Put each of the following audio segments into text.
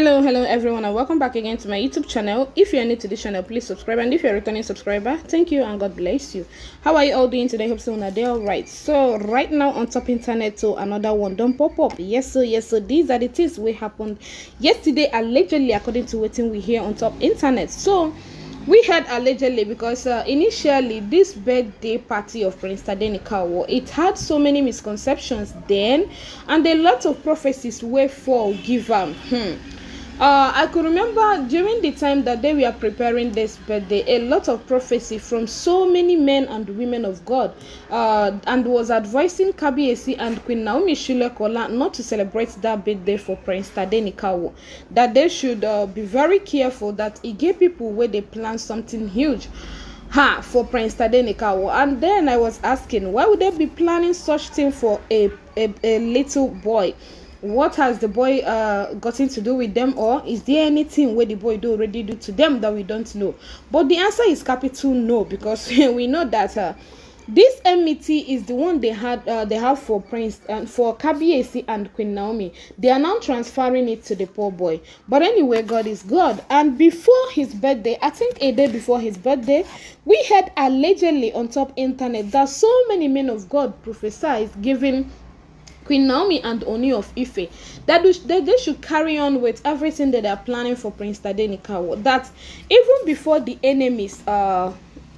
hello hello everyone and welcome back again to my youtube channel if you are new to this channel please subscribe and if you're a returning subscriber thank you and god bless you how are you all doing today hope so now they're all right so right now on top internet so another one don't pop up yes so yes so these are the things we happened yesterday allegedly according to what we hear on top internet so we heard allegedly because uh, initially this birthday party of prince tadenikawa it had so many misconceptions then and a lot of prophecies were for given hmm uh, I could remember during the time that they were preparing this birthday, a lot of prophecy from so many men and women of God, uh, and was advising Kabiesi and Queen Naomi Shilekola not to celebrate that birthday for Prince Tadenikawo, that they should uh, be very careful that it gave people where they plan something huge. Ha, for Prince Tadenikawo. And then I was asking, why would they be planning such thing for a, a, a little boy? what has the boy uh gotten to do with them or is there anything where the boy do already do to them that we don't know but the answer is capital no because we know that uh, this enmity is the one they had uh, they have for prince and uh, for K B A C and queen naomi they are now transferring it to the poor boy but anyway god is god and before his birthday i think a day before his birthday we had allegedly on top internet that so many men of god prophesied giving Queen Naomi and Oni of Ife, that, that they should carry on with everything that they are planning for Prince Tadenikawo. That even before the enemies uh,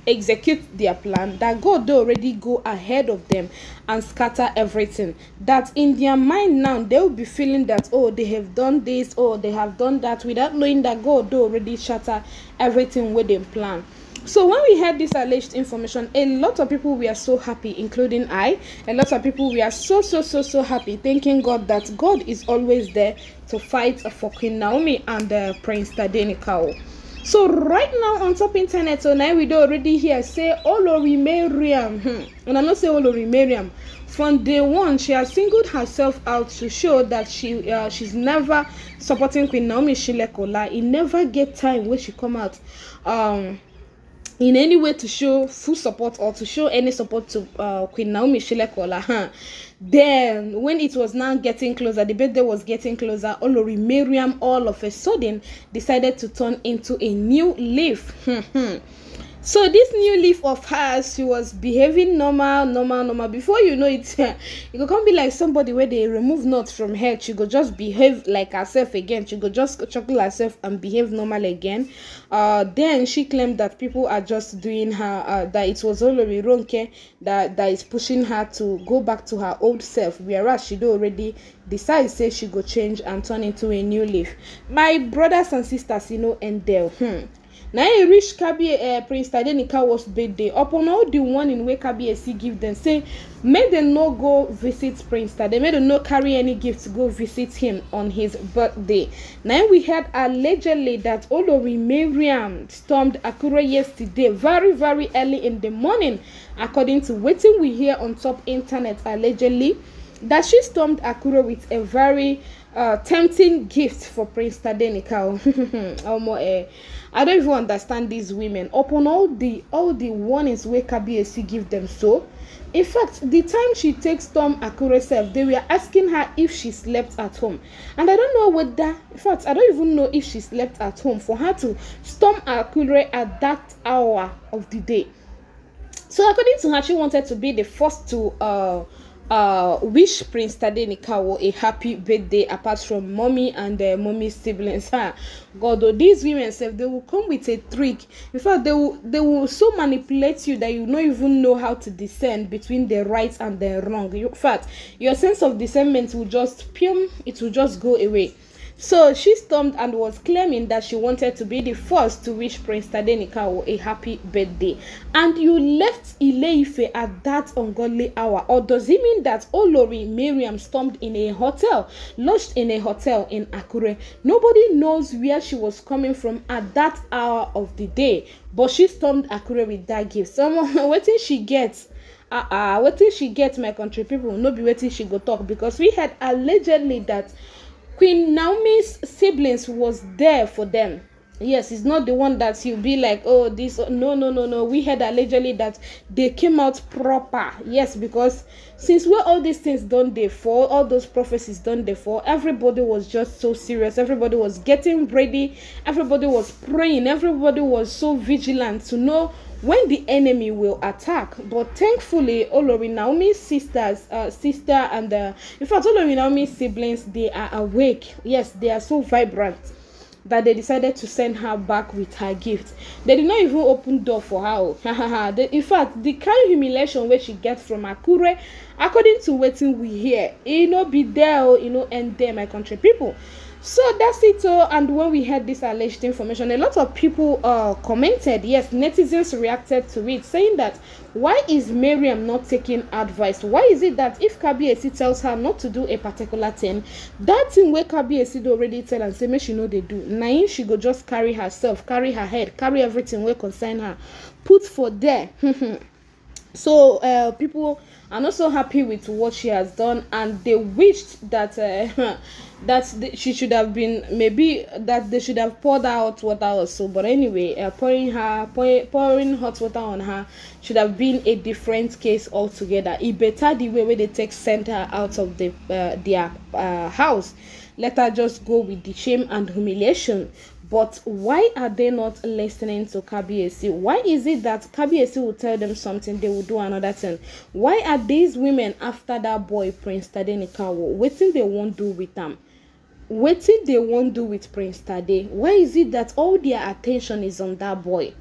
execute their plan, that God they already go ahead of them and scatter everything. That in their mind now, they will be feeling that, oh, they have done this, oh, they have done that, without knowing that God they already shatter everything with their plan. So when we heard this alleged information, a lot of people were so happy, including I. A lot of people were so so so so happy, thanking God that God is always there to fight for Queen Naomi and uh, Prince Tadenikao. So right now on top internet, so now we do already hear say Olori Mariam. And hmm. I am not say Olori Mariam. From day one, she has singled herself out to show that she uh, she's never supporting Queen Naomi Shilekola. It never get time when she come out. Um, in any way to show full support or to show any support to uh, Queen Naomi Shilekola, Huh? Then, when it was now getting closer, the birthday was getting closer, Olori Miriam all of a sudden decided to turn into a new leaf. Hmm, hmm so this new leaf of hers she was behaving normal normal normal before you know it it go come be like somebody wey dey remove nut from head she go just behave like herself again she go just chuckle herself and behave normal again uh then she claimed that people are just doing her uh, that it was olori ronke that that is pushing her to go back to her old self whereas she do already decide say she go change and turn into a new leaf my brothers and sisters you know, end there hmm na e reach kabie uh, prince tadenika was birthday upon all the warning wey Kabi see give them say make dem no go visit prince tade make dem no carry any gift go visit him on his birthday na we heard allegedly that olori mariam stormed akure yesterday very very early in the morning according to wetin we hear on top internet allegedly. that she stormed Akure with a very uh, tempting gift for Prince Tadenika. Eh, I don't even understand these women. Upon all the all the warnings where KBSC give them so. In fact, the time she takes Tom Akure self, they were asking her if she slept at home. And I don't know whether, in fact, I don't even know if she slept at home for her to storm Akure at that hour of the day. So according to her, she wanted to be the first to uh uh, wish Prince Tade Nikawo a happy birthday apart from mommy and uh, mommy's siblings. Huh? God, though, these women, self, they will come with a trick. In fact, they will, they will so manipulate you that you don't even know how to discern between the right and the wrong. In fact, your sense of discernment will just, pium, it will just go away. So she stormed and was claiming that she wanted to be the first to wish Prince Tade a happy birthday. And you left ile at that ungodly hour. Or does it mean that Olori Miriam stormed in a hotel, lodged in a hotel in Akure? Nobody knows where she was coming from at that hour of the day. But she stormed Akure with that gift. Someone waiting she gets ah uh-uh, ah she gets. my country people no be wetin she go talk because we had allegedly that Queen Naomi's siblings was there for them yes it's not the one that you'll be like oh this no no no no we heard allegedly that they came out proper yes because since where all these things done they fall all those prophecies done they fall everybody was just so serious everybody was getting ready everybody was praying everybody was so vigilant to know when the enemy will attack but thankfully olori naomi's sisters uh, sister and uh, in fact olori naomi's siblings they are awake yes they are so vibrant that they decided to send her back with her gift they did not even open door for her oh in fact the kind of humiliation wey she gets from akure according to what we hear e no be there You oh. know, e no end there my country people so that's it oh and when we had this alleged information a lot of people uh commented yes netizens reacted to it saying that why is Miriam not taking advice? Why is it that if Kabi Kabiesi tells her not to do a particular thing, that thing where Kabiesi already tell and say make she know they do, Naim she go just carry herself, carry her head, carry everything where concern her, put for there. so uh, people are not so happy with what she has done and they wished that uh, that she should have been maybe that they should have poured out water or so but anyway uh, pouring her pour, pouring hot water on her should have been a different case altogether it better the way where they take center out of the uh, their uh, house let her just go with the shame and humiliation But why are they not listening to Kabiesi? Why is it that Kabiesi will tell them something, they will do another thing? Why are these women after that boy, Prince Tade Nikawo, thing they won't do with them? What thing they won't do with Prince Tade? Why is it that all their attention is on that boy?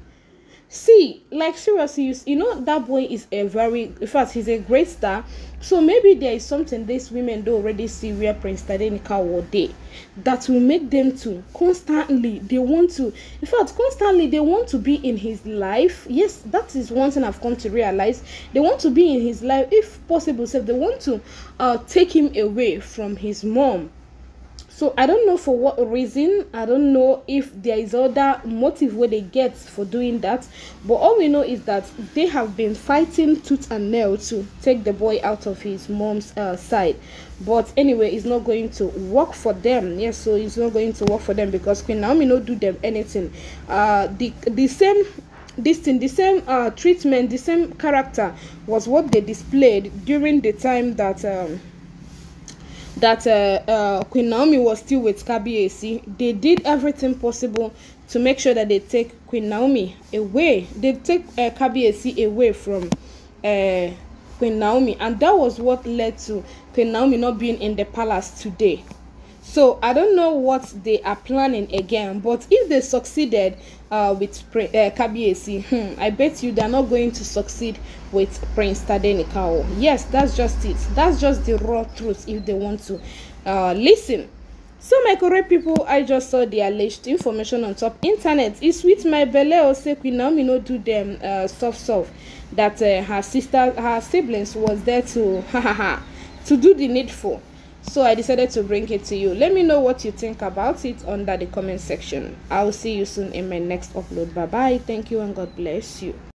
see like seriously you, you know that boy is a very in fact he's a great star so maybe there is something these women do already see where prince tadenika will day that will make them to constantly they want to in fact constantly they want to be in his life yes that is one thing i've come to realize they want to be in his life if possible so they want to uh take him away from his mom so i don't know for what reason i don't know if there is other motive where they get for doing that but all we know is that they have been fighting tooth and nail to take the boy out of his mom's uh, side but anyway it's not going to work for them yes so it's not going to work for them because queen naomi no do them anything uh the the same this thing the same uh treatment the same character was what they displayed during the time that um that uh, uh, Queen Naomi was still with Kabiesi, they did everything possible to make sure that they take Queen Naomi away. They take uh, away from uh, Queen Naomi, and that was what led to Queen Naomi not being in the palace today. So I don't know what they are planning again, but if they succeeded uh, with pre- uh, Kabiesi, hmm, I bet you they're not going to succeed with Prince Tadenikao. Yes, that's just it. That's just the raw truth if they want to uh, listen. So my correct people, I just saw the alleged information on top internet. It's with my belle or say Queen Naomi no do them uh, soft soft that uh, her sister, her siblings was there to ha ha to do the needful. so i decided to bring it to you let me know what you think about it under the comment section i'll see you soon in my next upload bye bye thank you and god bless you